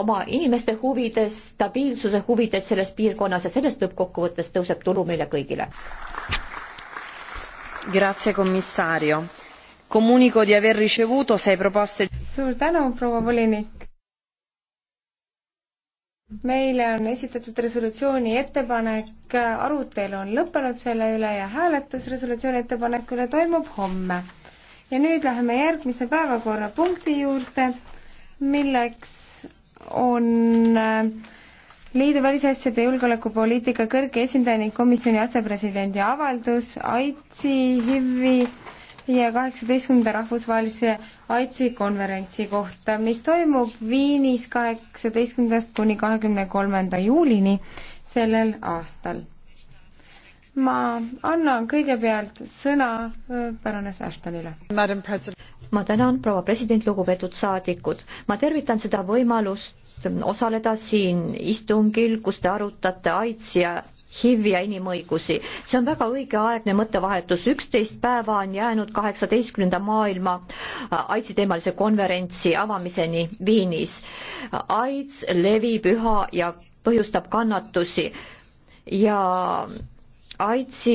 oma inimeste huvides, stabiilsuse huvides selles piirkonnas ja sellest lõppkokkuvõttes tõuseb tulu meile kõigile. Grazie commissario. Comunico di aver ricevuto sei proposte. suur tänu, proua volinik. meile on esitatud resolutsiooni ettepanek, arutelu on lõppenud selle üle ja hääletus resolutsiooni ettepaneku üle toimub homme. ja nüüd läheme järgmise päevakorrapunkti juurde milleks on äh, liidu välisasjade julgeolekupoliitika kõrge esindaja ning komisjoni asepresidendi avaldus AIDSi, HIV-i ja kaheksateistkümnenda rahvusvahelise AIDSi konverentsi kohta, mis toimub Viinis kaheksateistkümnendast kuni kahekümne kolmanda juulini sellel aastal ma annan kõigepealt sõna Baroness äh, Ashtonile. ma tänan, proua president, lugupeetud saadikud. ma tervitan seda võimalust osaleda siin istungil, kus te arutate AIDS ja HIV ja inimõigusi. see on väga õigeaegne mõttevahetus, üksteist päeva on jäänud kaheksateistkümnenda maailma AIDSi teemalise konverentsi avamiseni Viinis. AIDS levib üha ja põhjustab kannatusi ja AIDSi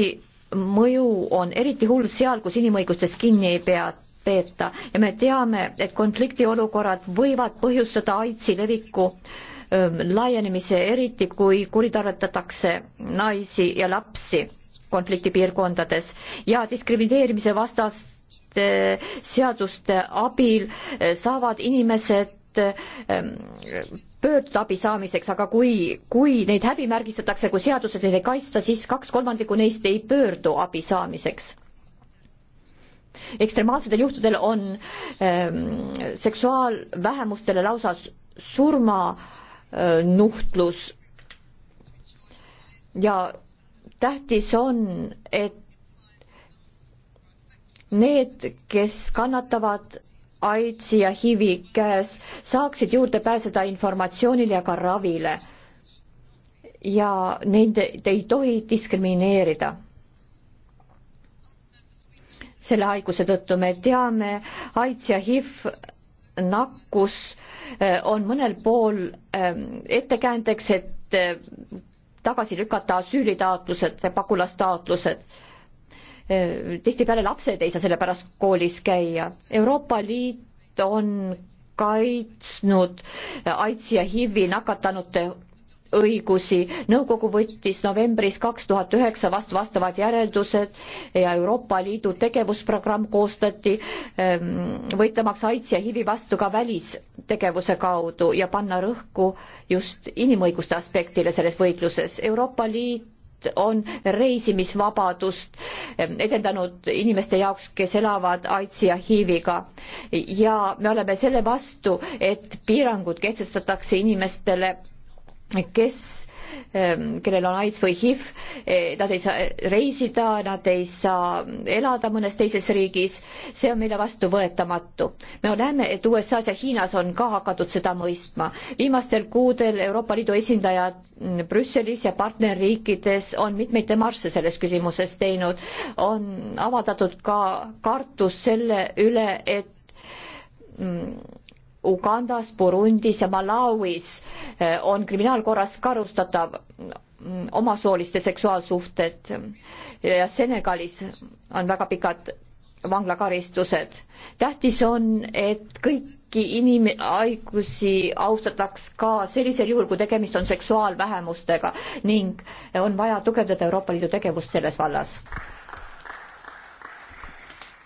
mõju on eriti hull seal, kus inimõigustest kinni ei pea, peeta ja me teame, et konfliktiolukorrad võivad põhjustada AIDSi leviku laienemise, eriti kui kuritarvitatakse naisi ja lapsi konfliktipiirkondades ja diskrimineerimise vastaste äh, seaduste abil äh, saavad inimesed äh, pöörduda abi saamiseks, aga kui, kui neid häbimärgistatakse, kui seadused ei kaitsta, siis kaks kolmandikku neist ei pöördu abi saamiseks. ekstremaalsetel juhtudel on ähm, seksuaalvähemustele lausa surmanuhtlus äh, ja tähtis on, et need, kes kannatavad AIDSi ja HIV-i käes, saaksid juurde pääseda informatsioonile ja ka ravile. ja neid ei tohi diskrimineerida. selle haiguse tõttu me teame, AIDS ja HIV nakkus eh, on mõnel pool eh, ettekäändeks, et eh, tagasi lükata asüülitaotlused või pagulastaotlused Äh, tihtipeale lapsed ei saa sellepärast koolis käia. Euroopa Liit on kaitsnud AIDS ja HIV-i nakatanute õigusi. nõukogu võttis novembris kaks tuhat üheksa vastu vastavad järeldused ja Euroopa Liidu tegevusprogramm koostati ähm, võitlemaks AIDS ja HIV-i vastu ka välistegevuse kaudu ja panna rõhku just inimõiguste aspektile selles võitluses. Euroopa Liit on reisimisvabadust edendanud inimeste jaoks, kes elavad AIDSi ja HIV-iga. ja me oleme selle vastu, et piirangud kehtestatakse inimestele, kes Ehm, kellel on AIDS või HIV, eh, nad ei saa eh, reisida, nad ei saa elada mõnes teises riigis, see on meile vastuvõetamatu. me näeme, et USA-s ja Hiinas on ka hakatud seda mõistma. viimastel kuudel Euroopa Liidu esindajad mm, Brüsselis ja partnerriikides on mitmeid demarsse selles küsimuses teinud, on avaldatud ka kartus selle üle, et mm, Ugandas, Burundis ja Malawis eh, on kriminaalkorras karustatav mm, omasooliste seksuaalsuhted eh, ja Senegalis on väga pikad vanglakaristused. tähtis on, et kõiki inimhaigusi austataks ka sellisel juhul, kui tegemist on seksuaalvähemustega ning on vaja tugevdada Euroopa Liidu tegevust selles vallas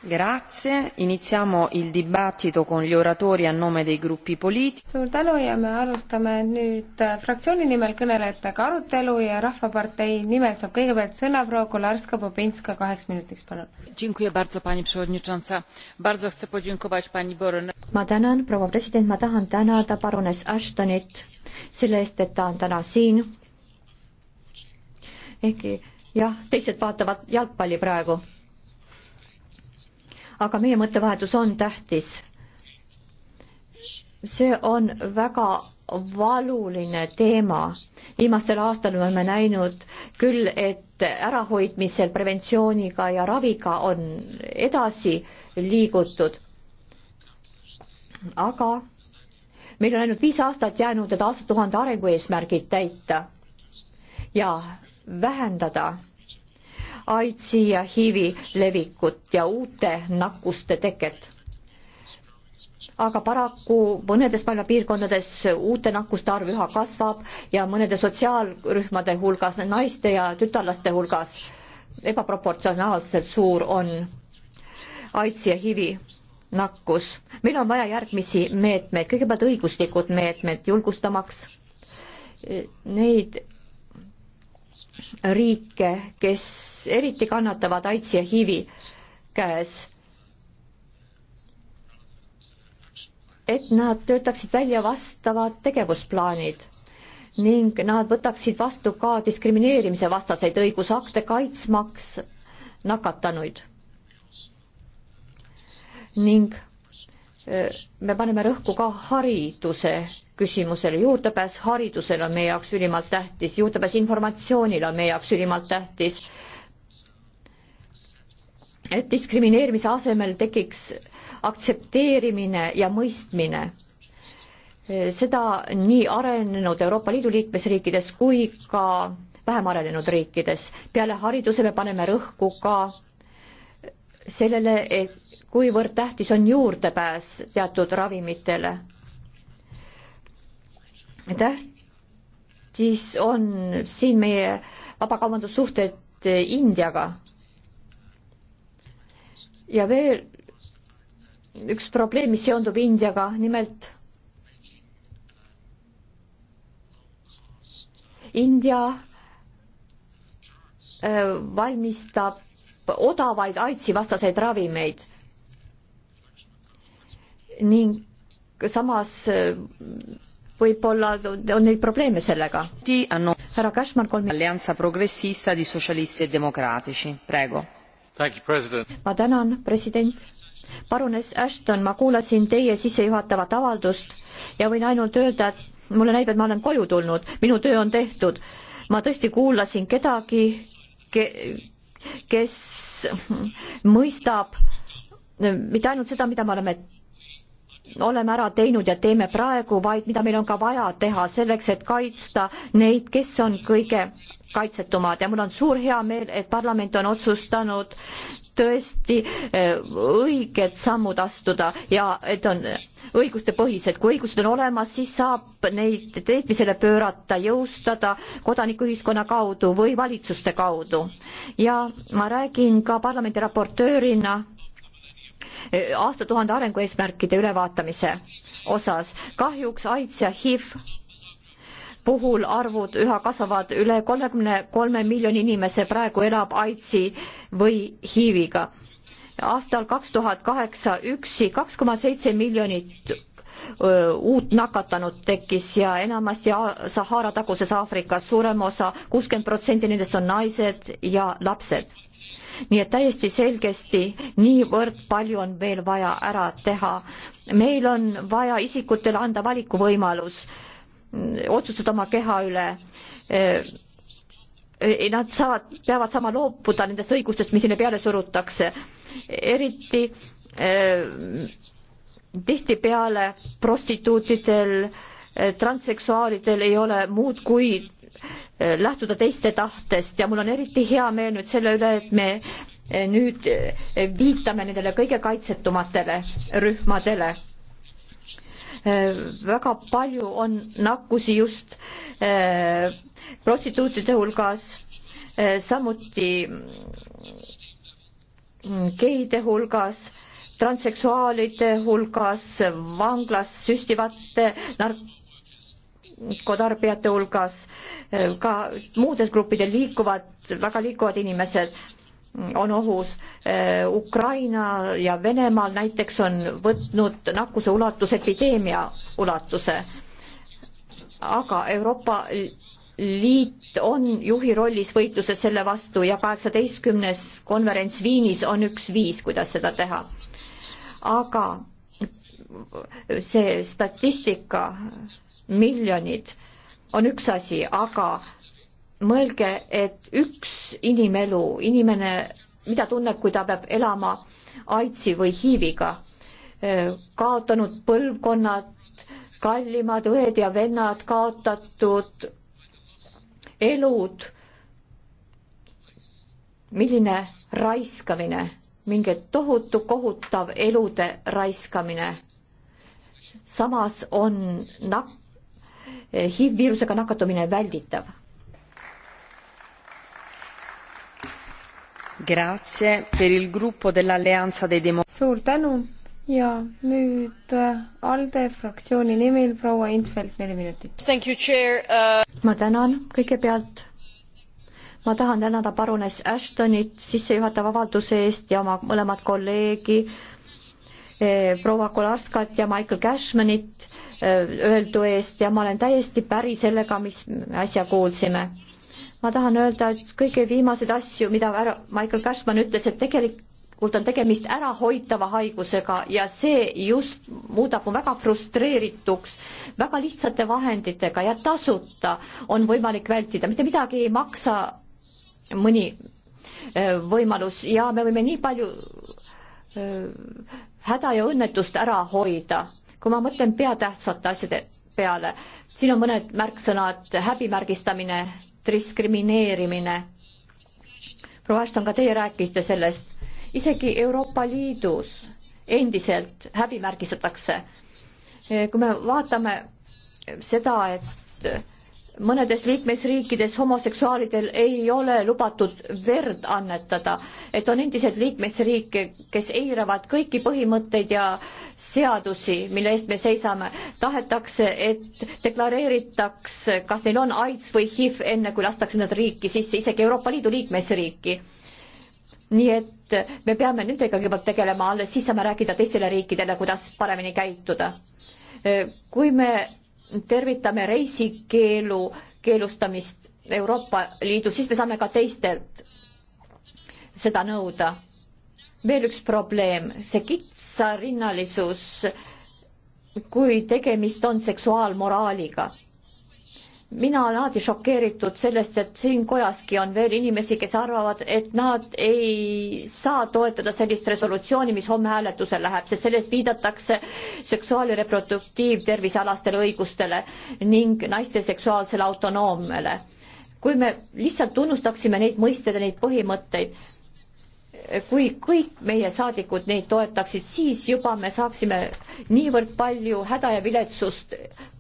Grazie, iniziamo il dibattito con gli oratori a nome dei gruppi poliitici. suur tänu ja me alustame nüüd äh, fraktsiooni nimel kõnelejatega arutelu ja Rahvapartei nimel saab kõigepealt sõna proua Kolarska-Bobinska kaheks minutiks, palun. ma tänan, proua president, ma tahan tänada parunes Ashtonit selle eest, et ta on täna siin. ehkki jah, teised vaatavad jalgpalli praegu aga meie mõttevahetus on tähtis. see on väga valuline teema. viimastel aastal oleme näinud küll, et ärahoidmisel preventsiooniga ja raviga on edasi liigutud. aga meil on ainult viis aastat jäänud, et aastatuhande arengueesmärgid täita ja vähendada AIDSi ja HIV-i levikut ja uute nakkuste teket. aga paraku mõnedes maailma piirkondades uute nakkuste arv üha kasvab ja mõnede sotsiaalrühmade hulgas, naiste ja tütarlaste hulgas ebaproportsionaalselt suur on AIDSi ja HIV-i nakkus. meil on vaja järgmisi meetmeid, kõigepealt õiguslikud meetmed, julgustamaks neid riike, kes eriti kannatavad AIDS ja HIV-i käes. et nad töötaksid välja vastavad tegevusplaanid ning nad võtaksid vastu ka diskrimineerimise vastaseid õigusakte kaitsmaks nakatanuid. ning eh, me paneme rõhku ka hariduse küsimusele, juurdepääs haridusele on meie jaoks ülimalt tähtis, juurdepääs informatsioonile on meie jaoks ülimalt tähtis. et diskrimineerimise asemel tekiks aktsepteerimine ja mõistmine. seda nii arenenud Euroopa Liidu liikmesriikides kui ka vähem arenenud riikides. peale hariduse me paneme rõhku ka sellele, et kuivõrd tähtis on juurdepääs teatud ravimitele tähtis on siin meie vabakaubandussuhted eh, Indiaga. ja veel üks probleem, mis seondub Indiaga, nimelt India eh, valmistab odavaid AIDSi vastaseid ravimeid ning samas eh, võib-olla on neil probleeme sellega. härra Kašmar, kolm minutit. E ma tänan, president. parunes Ashton, ma kuulasin teie sissejuhatavat avaldust ja võin ainult öelda, et mulle näib, et ma olen koju tulnud, minu töö on tehtud. ma tõesti kuulasin kedagi ke,, kes mõistab mitte ainult seda, mida me oleme oleme ära teinud ja teeme praegu, vaid mida meil on ka vaja teha selleks, et kaitsta neid, kes on kõige kaitsetumad ja mul on suur heameel, et parlament on otsustanud tõesti eh, õiged sammud astuda ja et on õigustepõhised, kui õigused on olemas, siis saab neid teedmisele pöörata, jõustada kodanikuühiskonna kaudu või valitsuste kaudu. ja ma räägin ka parlamendi raportöörina Eh, aastatuhande arengueesmärkide ülevaatamise osas. kahjuks AIDS ja HIV puhul arvud üha kasvavad, üle kolmekümne kolme miljoni inimese praegu elab AIDSi või HIV-iga. aastal kaks tuhat kaheksa üksi kaks koma seitse miljonit uut nakatanut tekkis ja enamasti Sahara taguses Aafrikas, suurem osa, kuuskümmend protsenti nendest on naised ja lapsed nii et täiesti selgesti niivõrd palju on veel vaja ära teha. meil on vaja isikutele anda valikuvõimalus mm, otsustada oma keha üle. E, e, nad saavad, peavad saama loobuda nendest õigustest, mis neile peale surutakse. eriti e, tihtipeale prostituutidel, transseksuaalidel ei ole muud kui Äh, lähtuda teiste tahtest ja mul on eriti hea meel nüüd selle üle, et me äh, nüüd äh, viitame nendele kõige kaitsetumatele rühmadele. väga palju on nakkusi just prostituutide hulgas, samuti mm, geide hulgas, transseksuaalide hulgas, vanglas süstivate nark-, tarbijate hulgas, ka muudes gruppidel liikuvad, väga liikuvad inimesed on ohus. Eh, Ukraina ja Venemaal näiteks on võtnud nakkuse ulatus epideemia ulatuse. aga Euroopa Liit on juhi rollis võitluses selle vastu ja kaheksateistkümnes konverents Viinis on üks viis, kuidas seda teha. aga see statistika, miljonid, on üks asi, aga mõelge, et üks inimelu, inimene, mida tunneb, kui ta peab elama AIDSi või HIV-iga, kaotanud põlvkonnad, kallimad õed ja vennad, kaotatud elud, milline raiskamine, mingi tohutu kohutav elude raiskamine samas on nak-, HIV-viirusega nakatumine välditav. suur tänu ja nüüd äh, ALDE fraktsiooni nimel proua Infeld, neli minutit. Uh... ma tänan kõigepealt ma tahan tänada parunes Ashtonit sissejuhatava avalduse eest ja oma mõlemat kolleegi Eh, proua Kolaskat ja Michael Cashmanit eh, öeldu eest ja ma olen täiesti päri sellega, mis äsja kuulsime. ma tahan öelda, et kõige viimaseid asju, mida ära Michael Cashman ütles, et tegelikult on tegemist ärahoitava haigusega ja see just muudab mu väga frustreerituks. väga lihtsate vahenditega ja tasuta on võimalik vältida, mitte midagi ei maksa mõni eh, võimalus ja me võime nii palju häda ja õnnetust ära hoida. kui ma mõtlen peatähtsate asjade peale, siin on mõned märksõnad häbimärgistamine, diskrimineerimine. proua Ashton, ka teie rääkisite sellest, isegi Euroopa Liidus endiselt häbimärgistatakse. kui me vaatame seda, et mõnedes liikmesriikides homoseksuaalidel ei ole lubatud verd annetada, et on endiselt liikmesriike, kes eiravad kõiki põhimõtteid ja seadusi, mille eest me seisame. tahetakse, et deklareeritaks, kas neil on AIDS või HIV, enne kui lastakse nad riiki sisse, isegi Euroopa Liidu liikmesriiki nii et me peame nendega kõigepealt tegelema, alles siis saame rääkida teistele riikidele, kuidas paremini käituda. kui me tervitame reisikeelu keelustamist Euroopa Liidus, siis me saame ka teistelt seda nõuda. veel üks probleem, see kitsarinnalisus, kui tegemist on seksuaalmoraaliga mina olen alati šokeeritud sellest, et siin kojaski on veel inimesi, kes arvavad, et nad ei saa toetada sellist resolutsiooni, mis homme hääletusel läheb, sest selles viidatakse seksuaal- ja reproduktiivtervisealastele õigustele ning naiste seksuaalsele autonoomiale. kui me lihtsalt tunnustaksime neid mõisteid ja neid põhimõtteid kui kõik meie saadikud neid toetaksid, siis juba me saaksime niivõrd palju häda ja viletsust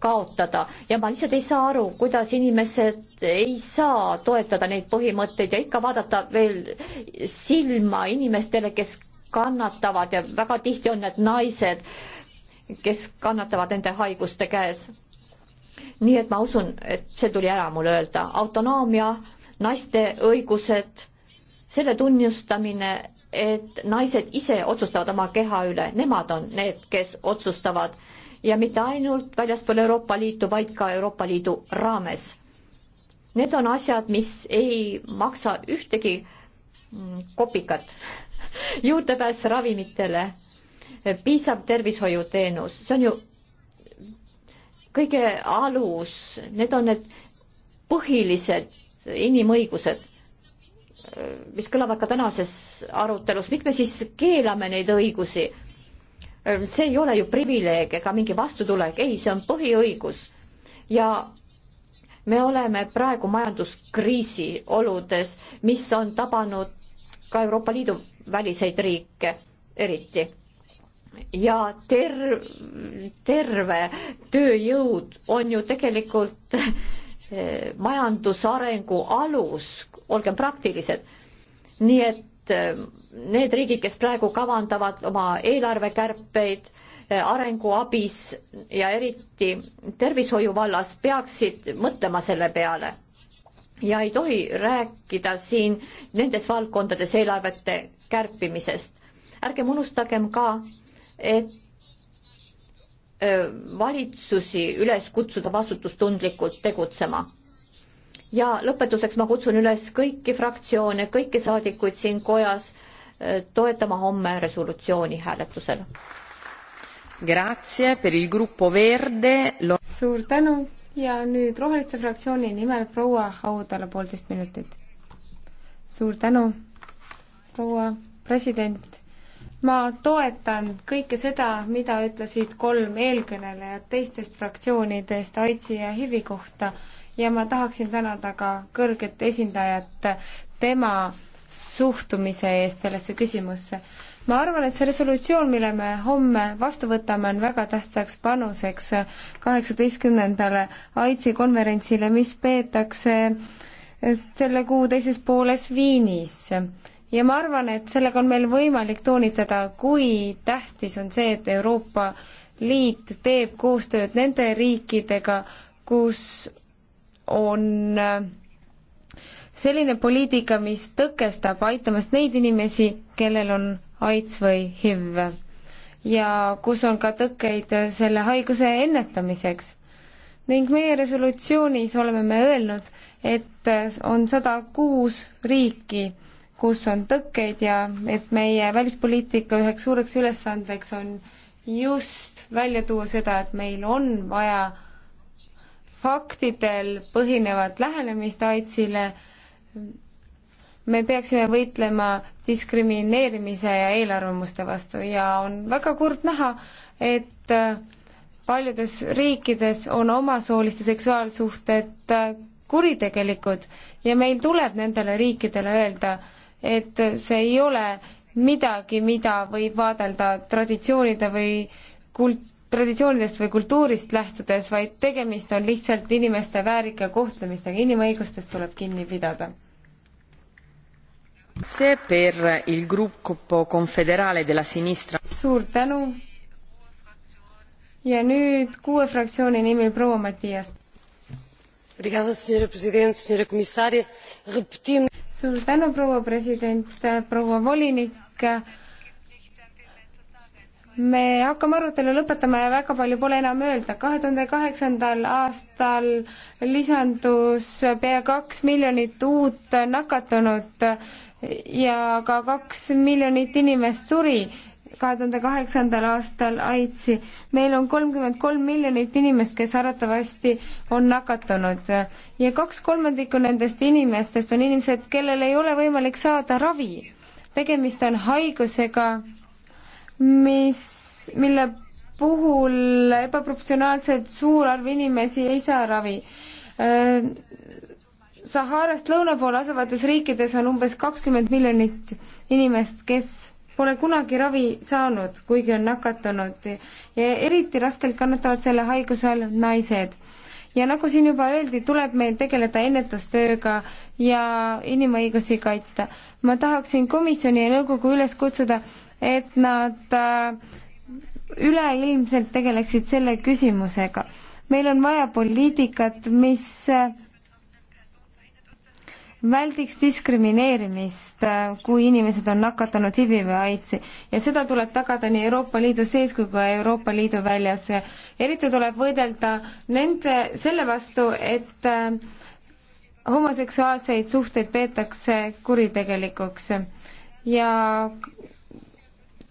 kaotada ja ma lihtsalt ei saa aru, kuidas inimesed ei saa toetada neid põhimõtteid ja ikka vaadata veel silma inimestele, kes kannatavad ja väga tihti on need naised, kes kannatavad nende haiguste käes. nii et ma usun, et see tuli ära mul öelda, autonoomia, naiste õigused selle tunnustamine, et naised ise otsustavad oma keha üle, nemad on need, kes otsustavad ja mitte ainult väljaspool Euroopa Liitu, vaid ka Euroopa Liidu raames. Need on asjad, mis ei maksa ühtegi mm, kopikat. juurdepääs ravimitele, piisav tervishoiuteenus, see on ju kõige alus, need on need põhilised inimõigused mis kõlavad ka tänases arutelus, miks me siis keelame neid õigusi? see ei ole ju privileeg ega mingi vastutulek, ei, see on põhiõigus. ja me oleme praegu majanduskriisi oludes, mis on tabanud ka Euroopa Liidu väliseid riike eriti. ja ter-, terve tööjõud on ju tegelikult äh, majandusarengu alus, olgem praktilised. nii et eh, need riigid, kes praegu kavandavad oma eelarvekärpeid eh, arenguabis ja eriti tervishoiu vallas, peaksid mõtlema selle peale. ja ei tohi rääkida siin nendes valdkondades eelarvete kärpimisest. ärgem unustagem ka, et valitsusi üles kutsuda vastutustundlikult tegutsema. ja lõpetuseks ma kutsun üles kõiki fraktsioone, kõiki saadikuid siin kojas toetama homme resolutsiooni hääletusel. Lo... suur tänu ja nüüd Roheliste fraktsiooni nimel proua Haudale poolteist minutit. suur tänu, proua president ma toetan kõike seda, mida ütlesid kolm eelkõnelejat teistest fraktsioonidest AIDSi ja HIV-i kohta ja ma tahaksin tänada ka kõrget esindajat tema suhtumise eest sellesse küsimusse. ma arvan, et see resolutsioon, mille me homme vastu võtame, on väga tähtsaks panuseks kaheksateistkümnendale AIDSi konverentsile, mis peetakse selle kuu teises pooles Viinis ja ma arvan, et sellega on meil võimalik toonitada, kui tähtis on see, et Euroopa Liit teeb koostööd nende riikidega, kus on äh, selline poliitika, mis tõkestab aitamast neid inimesi, kellel on AIDS või HIV ja kus on ka tõkkeid selle haiguse ennetamiseks. ning meie resolutsioonis oleme me öelnud, et on sada kuus riiki, kus on tõkkeid ja et meie välispoliitika üheks suureks ülesandeks on just välja tuua seda, et meil on vaja faktidel põhinevat lähenemist AIDSile. me peaksime võitlema diskrimineerimise ja eelarvamuste vastu ja on väga kurb näha, et äh, paljudes riikides on omasooliste seksuaalsuhted äh, kuritegelikud ja meil tuleb nendele riikidele öelda, et see ei ole midagi, mida võib vaadelda traditsioonide või kult-, traditsioonidest või kultuurist lähtudes, vaid tegemist on lihtsalt inimeste väärika kohtlemistega, inimõigustest tuleb kinni pidada. suur tänu ja nüüd kuue fraktsiooni nimel proua Matias suur tänu, proua president, proua volinik. me hakkame arutelu lõpetama ja väga palju pole enam öelda. kahe tuhande kaheksandal aastal lisandus pea kaks miljonit uut nakatunut ja ka kaks miljonit inimest suri kahe tuhande kaheksandal aastal AIDSi. meil on kolmkümmend kolm miljonit inimest, kes arvatavasti on nakatunud ja kaks kolmandikku nendest inimestest on inimesed, kellel ei ole võimalik saada ravi. tegemist on haigusega, mis, mille puhul ebaproportsionaalselt suur arv inimesi ei saa ravi Saharast lõuna pool asuvates riikides on umbes kakskümmend miljonit inimest, kes pole kunagi ravi saanud, kuigi on nakatunud ja eriti raskelt kannatavad selle haiguse all naised. ja nagu siin juba öeldi, tuleb meil tegeleda ennetustööga ja inimõigusi kaitsta. ma tahaksin komisjoni ja nõukogu üles kutsuda, et nad äh, üleilmselt tegeleksid selle küsimusega. meil on vaja poliitikat, mis äh, väldiks diskrimineerimist, äh, kui inimesed on nakatanud HIV-i või AIDSi ja seda tuleb tagada nii Euroopa Liidu sees kui ka Euroopa Liidu väljas. eriti tuleb võidelda nende, selle vastu, et äh, homoseksuaalseid suhteid peetakse kuritegelikuks ja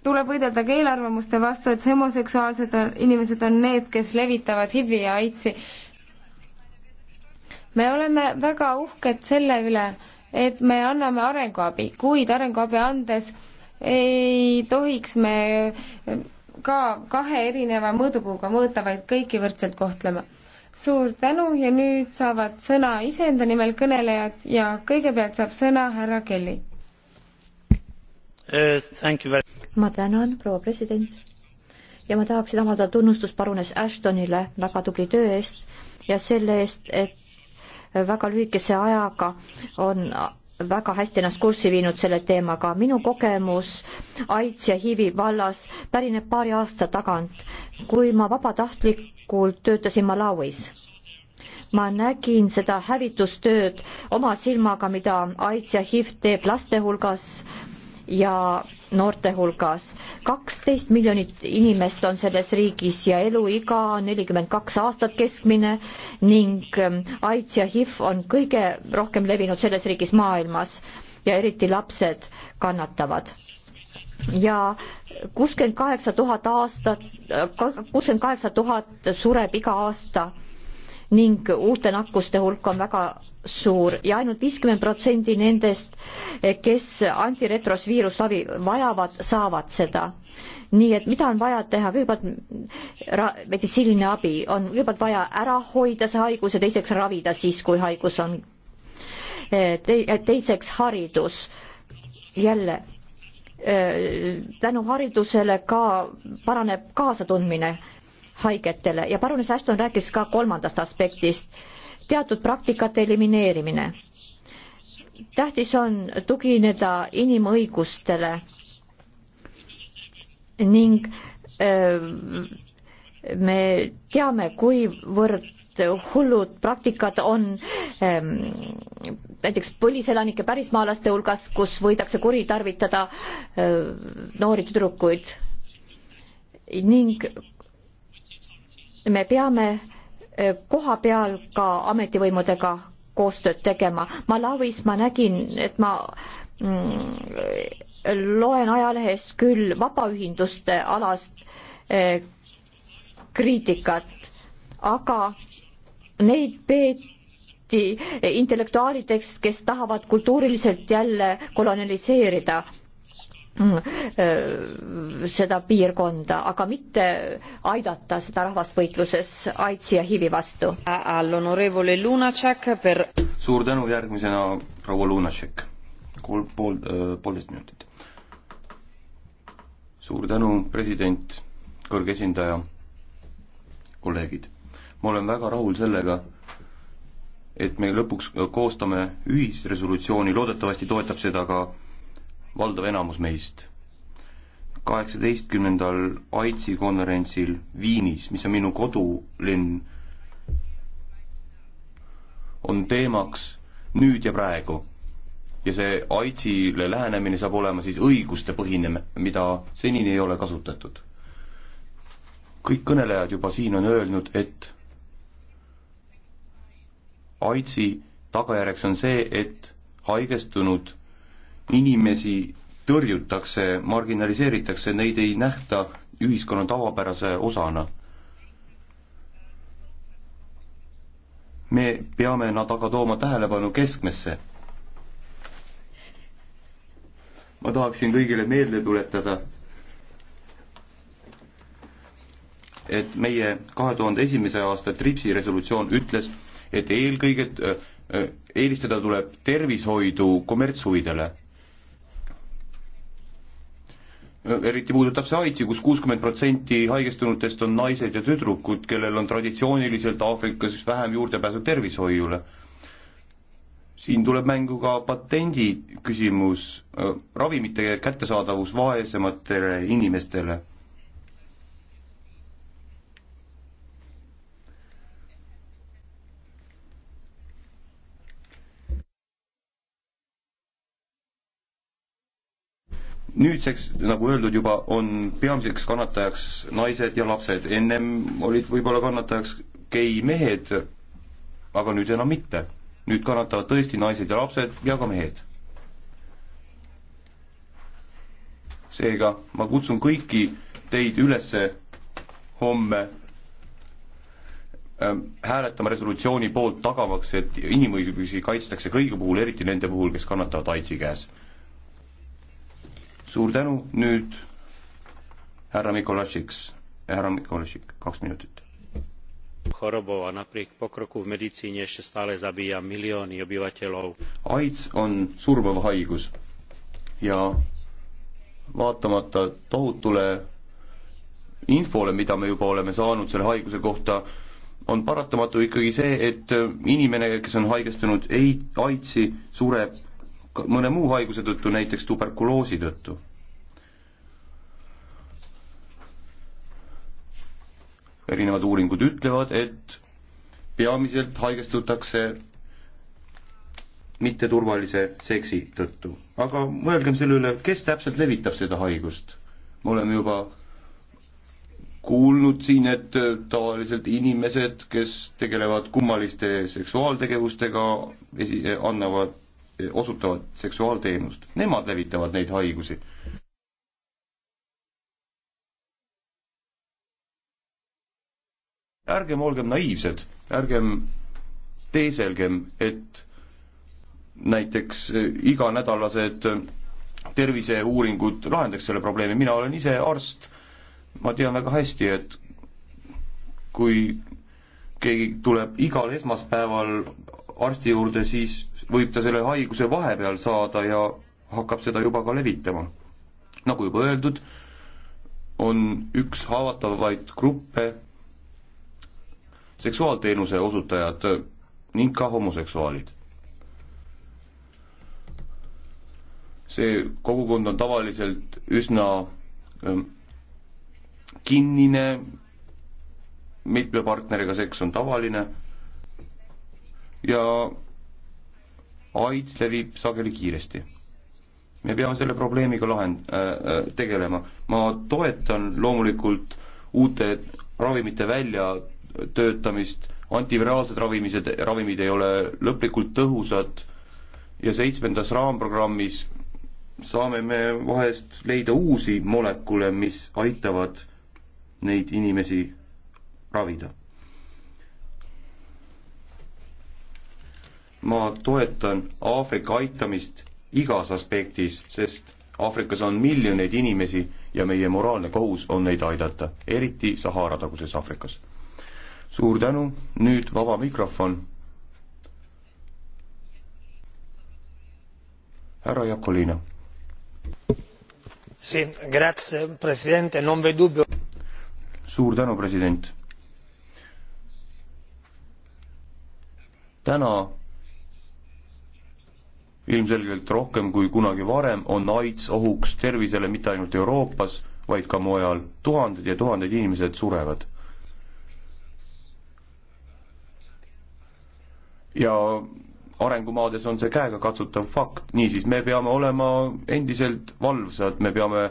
tuleb võidelda ka eelarvamuste vastu, et homoseksuaalsed on, inimesed on need, kes levitavad HIV-i ja AIDSi me oleme väga uhked selle üle, et me anname arenguabi, kuid arenguabi andes ei tohiks me ka kahe erineva mõõdupuuga mõõta, vaid kõiki võrdselt kohtlema. suur tänu ja nüüd saavad sõna iseenda nimel kõnelejad ja kõigepealt saab sõna härra Kelly uh,. ma tänan, proua president. ja ma tahaksin avaldada tunnustust parunes Ashtonile väga tubli töö eest ja selle eest, et väga lühikese ajaga on väga hästi ennast kurssi viinud selle teemaga. minu kogemus AIDS ja HIV-i vallas pärineb paari aasta tagant, kui ma vabatahtlikult töötasin Malawis. ma nägin seda hävitustööd oma silmaga, mida AIDS ja HIV teeb laste hulgas ja noorte hulgas. kaksteist miljonit inimest on selles riigis ja eluiga on nelikümmend kaks aastat keskmine ning ähm, AIDS ja HIV on kõige rohkem levinud selles riigis maailmas ja eriti lapsed kannatavad ja kuuskümmend kaheksa tuhat aastat, äh, kuuskümmend kaheksa tuhat sureb iga aasta ning uute nakkuste hulk on väga suur ja ainult viiskümmend protsendi nendest, kes antiretrosviirusravi vajavad, saavad seda. nii et mida on vaja teha, kõigepealt meditsiiniline abi on kõigepealt vaja ära hoida see haigus ja teiseks ravida siis, kui haigus on Te,. teiseks haridus, jälle äh, tänu haridusele ka paraneb kaasatundmine haigetele ja parunes Ashton rääkis ka kolmandast aspektist, teatud praktikate elimineerimine. tähtis on tugineda inimõigustele ning öö, me teame, kuivõrd hullud praktikad on ähm, näiteks põliselanike pärismaalaste hulgas, kus võidakse kuritarvitada äh, noori tüdrukuid ning me peame koha peal ka ametivõimudega koostööd tegema. Malawis ma nägin, et ma mm, loen ajalehest küll vabaühinduste alast kriitikat, aga neid peeti intellektuaalideks, kes tahavad kultuuriliselt jälle koloniseerida Äh, seda piirkonda, aga mitte aidata seda rahvast võitluses AIDSi ja HIV-i vastu. Per... suur tänu, järgmisena proua Lunatšek, kolm pool, äh, poolteist minutit. suur tänu, president, kõrge esindaja, kolleegid. ma olen väga rahul sellega, et me lõpuks koostame ühisresolutsiooni, loodetavasti toetab seda ka valdav enamus meist. kaheksateistkümnendal AIDSi konverentsil Viinis, mis on minu kodulinn, on teemaks nüüd ja praegu. ja see AIDSile lähenemine saab olema siis õigustepõhine, mida senini ei ole kasutatud. kõik kõnelejad juba siin on öelnud, et AIDSi tagajärjeks on see, et haigestunud inimesi tõrjutakse, marginaliseeritakse, neid ei nähta ühiskonna tavapärase osana. me peame nad aga tooma tähelepanu keskmesse. ma tahaksin kõigile meelde tuletada, et meie kahe tuhande esimese aasta TRIPS-i resolutsioon ütles, et eelkõige äh, äh, eelistada tuleb tervishoidu kommertshuvidele eriti puudutab see Haitsi kus, kus kuuskümmend protsenti haigestunutest on naised ja tüdrukud, kellel on traditsiooniliselt Aafrikas vähem juurdepääsu tervishoiule. siin tuleb mängu ka patendi küsimus, äh, ravimite kättesaadavus vaesematele inimestele nüüdseks, nagu öeldud juba, on peamiseks kannatajaks naised ja lapsed, ennem olid võib-olla kannatajaks gei mehed, aga nüüd enam mitte. nüüd kannatavad tõesti naised ja lapsed ja ka mehed. seega ma kutsun kõiki teid üles homme ähm, hääletama resolutsiooni poolt, tagamaks, et inimõigusi kaitstakse kõigi puhul, eriti nende puhul, kes kannatavad AIDSi käes suur tänu, nüüd härra Mikolašik, härra Mikolašik, kaks minutit. chorobou a napriek pokroku v medicíne ešte stále zabíja milióny obyvateľov. AIDS on surmav haigus ja vaatamata tohutule infole, mida me juba oleme saanud selle haiguse kohta, on paratamatu ikkagi see, et inimene, kes on haigestunud ei, AIDSi, sureb mõne muu haiguse tõttu, näiteks tuberkuloosi tõttu. erinevad uuringud ütlevad, et peamiselt haigestutakse mitteturvalise seksi tõttu. aga mõelgem selle üle, kes täpselt levitab seda haigust. me oleme juba kuulnud siin, et tavaliselt inimesed, kes tegelevad kummaliste seksuaaltegevustega, esi-, annavad osutavad seksuaalteenust, nemad levitavad neid haigusi. ärgem olgem naiivsed, ärgem teeselgem, et näiteks eh, iganädalased eh, terviseuuringud lahendaks selle probleemi, mina olen ise arst, ma tean väga hästi, et kui keegi tuleb igal esmaspäeval arsti juurde, siis võib ta selle haiguse vahepeal saada ja hakkab seda juba ka levitama. nagu juba öeldud, on üks haavatavaid gruppe seksuaalteenuse osutajad ning ka homoseksuaalid. see kogukond on tavaliselt üsna ähm, kinnine, mitme partneriga seks on tavaline ja AIDS levib sageli kiiresti. me peame selle probleemiga lahend- äh,, äh tegelema. ma toetan loomulikult uute ravimite väljatöötamist, antiviraalsed ravimised, ravimid ei ole lõplikult tõhusad ja seitsmendas raamprogrammis saame me vahest leida uusi molekule, mis aitavad neid inimesi ravida ma toetan Aafrika aitamist igas aspektis, sest Aafrikas on miljoneid inimesi ja meie moraalne kohus on neid aidata, eriti Sahara taguses Aafrikas. suur tänu, nüüd vaba mikrofon. härra Jakolina. suur tänu, president. täna ilmselgelt rohkem kui kunagi varem on AIDS ohuks tervisele mitte ainult Euroopas, vaid ka mujal. tuhanded ja tuhanded inimesed surevad. ja arengumaades on see käegakatsutav fakt, niisiis me peame olema endiselt valvsad, me peame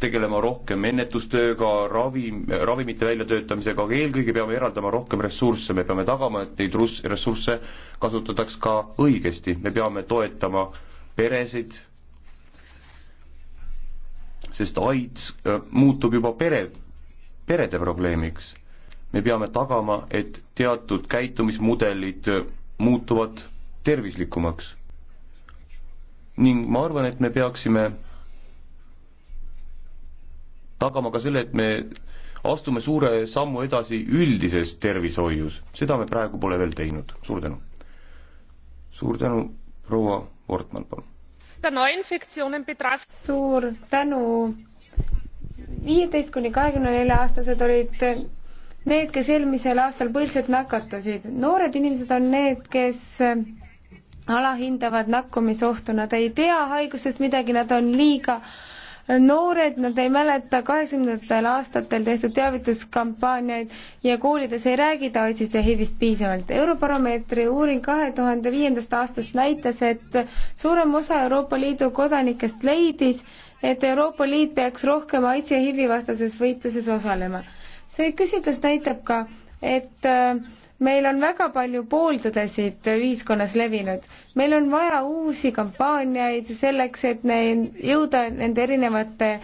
tegelema rohkem ennetustööga, ravi, ravimite väljatöötamisega, aga eelkõige peame eraldama rohkem ressursse, me peame tagama, et neid rus-, ressursse kasutataks ka õigesti, me peame toetama peresid, sest AIDS äh, muutub juba pere, perede probleemiks. me peame tagama, et teatud käitumismudelid äh, muutuvad tervislikumaks. ning ma arvan, et me peaksime tagama ka selle, et me astume suure sammu edasi üldises tervishoius, seda me praegu pole veel teinud, suur tänu. suur tänu, proua Wortmann, palun. suur tänu. viieteist kuni kahekümne nelja aastased olid need, kes eelmisel aastal põhiliselt nakatusid. noored inimesed on need, kes alahindavad nakkumisohtu, nad ei tea haigusest midagi, nad on liiga noored, nad ei mäleta kaheksakümnendatel aastatel tehtud teavituskampaaniaid ja koolides ei räägita AIDSist ja HIV-ist piisavalt. Eurobaromeetri uuring kahe tuhande viiendast aastast näitas, et suurem osa Euroopa Liidu kodanikest leidis, et Euroopa Liit peaks rohkem AIDSi ja HIV-i vastases võitluses osalema. see küsitlus näitab ka, et äh, meil on väga palju pooltõdesid ühiskonnas levinud. meil on vaja uusi kampaaniaid selleks, et neil jõuda nende erinevate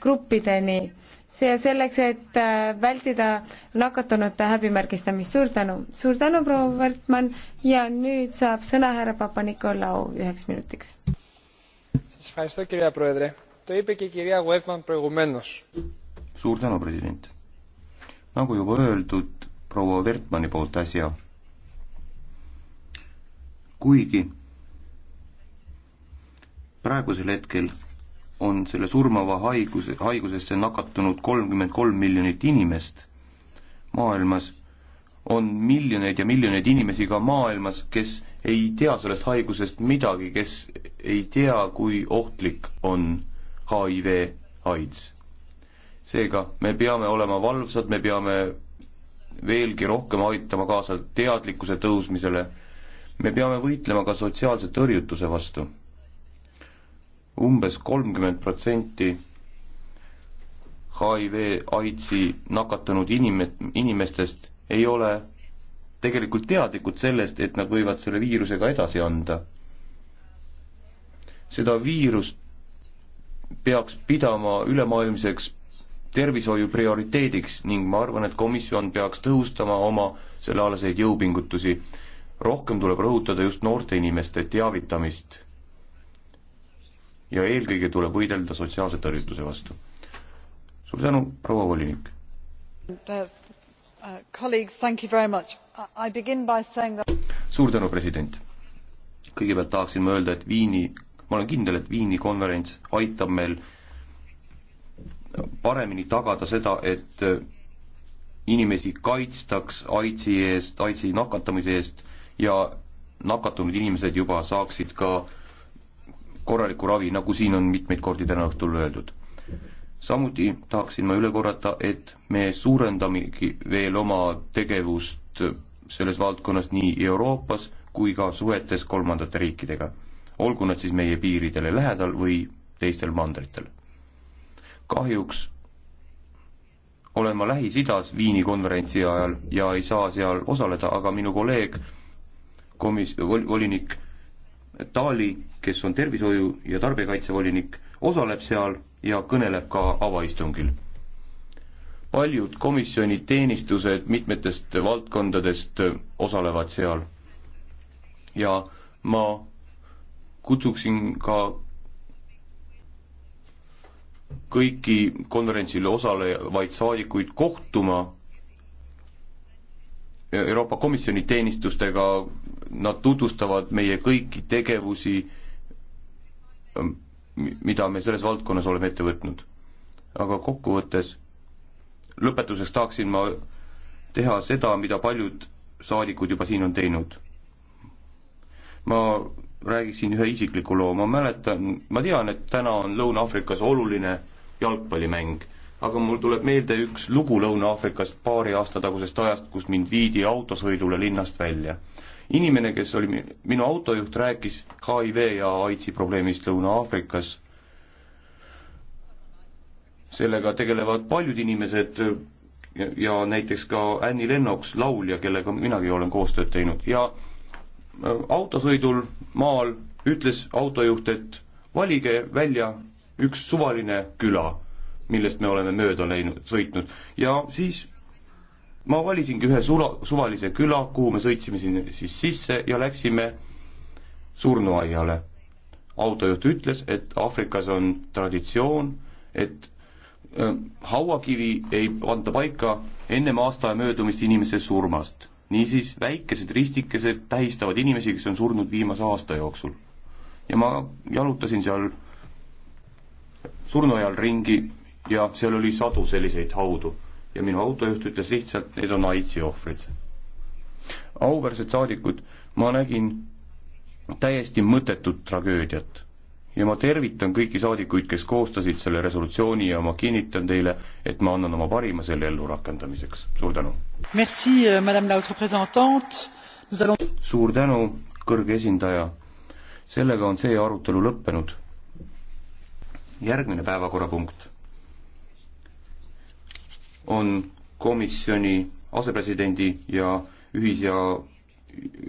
gruppideni ja selleks, et äh, vältida nakatunute häbimärgistamist. suur tänu, suur tänu, proua Võrtmann ja nüüd saab sõna härra Papa-Nikolau üheks minutiks. suur tänu, president nagu juba öeldud proua Vertmanni poolt äsja, kuigi praegusel hetkel on selle surmava haiguse, haigusesse nakatunud kolmkümmend kolm miljonit inimest maailmas, on miljoneid ja miljoneid inimesi ka maailmas, kes ei tea sellest haigusest midagi, kes ei tea, kui ohtlik on HIV, AIDS seega me peame olema valvsad, me peame veelgi rohkem aitama kaasa teadlikkuse tõusmisele, me peame võitlema ka sotsiaalse tõrjutuse vastu umbes kolmkümmend protsenti HIV AIDSi nakatunud inime-, inimestest ei ole tegelikult teadlikud sellest, et nad võivad selle viirusega edasi anda. seda viirust peaks pidama ülemaailmseks tervishoiu prioriteediks ning ma arvan, et komisjon peaks tõhustama oma sellealaseid jõupingutusi. rohkem tuleb rõhutada just noorte inimeste teavitamist. ja eelkõige tuleb võidelda sotsiaalse tõrjutuse vastu. suur tänu, proua volinik. suur tänu, president. kõigepealt tahaksin ma öelda, et Viini, ma olen kindel, et Viini konverents aitab meil paremini tagada seda, et äh, inimesi kaitstaks AIDSi eest, AIDSi nakatamise eest ja nakatunud inimesed juba saaksid ka korralikku ravi, nagu siin on mitmeid kordi täna õhtul öeldud. samuti tahaksin ma üle korrata, et me suurendamegi veel oma tegevust selles valdkonnas nii Euroopas kui ka suhetes kolmandate riikidega, olgu nad siis meie piiridele lähedal või teistel mandritel. kahjuks olen ma Lähis-Idas Viini konverentsi ajal ja ei saa seal osaleda, aga minu kolleeg, komis-, vol-, volinik Taali, kes on tervishoiu- ja tarbijakaitsevolinik, osaleb seal ja kõneleb ka avaistungil. paljud komisjoni teenistused mitmetest valdkondadest osalevad seal ja ma kutsuksin ka kõiki konverentsil osalevaid saadikuid kohtuma Euroopa Komisjoni teenistustega, nad tutvustavad meie kõiki tegevusi, ähm, mida me selles valdkonnas oleme ette võtnud. aga kokkuvõttes, lõpetuseks tahaksin ma teha seda, mida paljud saadikud juba siin on teinud. ma räägiksin ühe isikliku loo, ma mäletan, ma tean, et täna on Lõuna-Aafrikas oluline jalgpallimäng, aga mul tuleb meelde üks lugu Lõuna-Aafrikast paari aasta tagusest ajast, kus mind viidi autosõidule linnast välja. inimene, kes oli minu autojuht, rääkis HIV ja AIDSi probleemist Lõuna-Aafrikas. sellega tegelevad paljud inimesed ja, ja näiteks ka Annie Lennox, laulja, kellega minagi olen koostööd teinud ja autosõidul maal ütles autojuht, et valige välja üks suvaline küla, millest me oleme mööda läinud, sõitnud ja siis ma valisingi ühe sula, suvalise küla, kuhu me sõitsime siin siis sisse ja läksime surnuaiale. autojuht ütles, et Aafrikas on traditsioon, et äh, hauakivi ei panda paika ennem aastaaja möödumist inimese surmast niisiis, väikesed ristikesed tähistavad inimesi, kes on surnud viimase aasta jooksul. ja ma jalutasin seal surnuaial ringi ja seal oli sadu selliseid haudu. ja minu autojuht ütles lihtsalt, need on AIDSi ohvrid. auväärsed saadikud, ma nägin täiesti mõttetut tragöödiat ja ma tervitan kõiki saadikuid, kes koostasid selle resolutsiooni ja ma kinnitan teile, et ma annan oma parima selle ellurakendamiseks. suur tänu! Euh, allons... suur tänu, kõrge esindaja! sellega on see arutelu lõppenud. järgmine päevakorrapunkt on komisjoni asepresidendi ja ühis- ja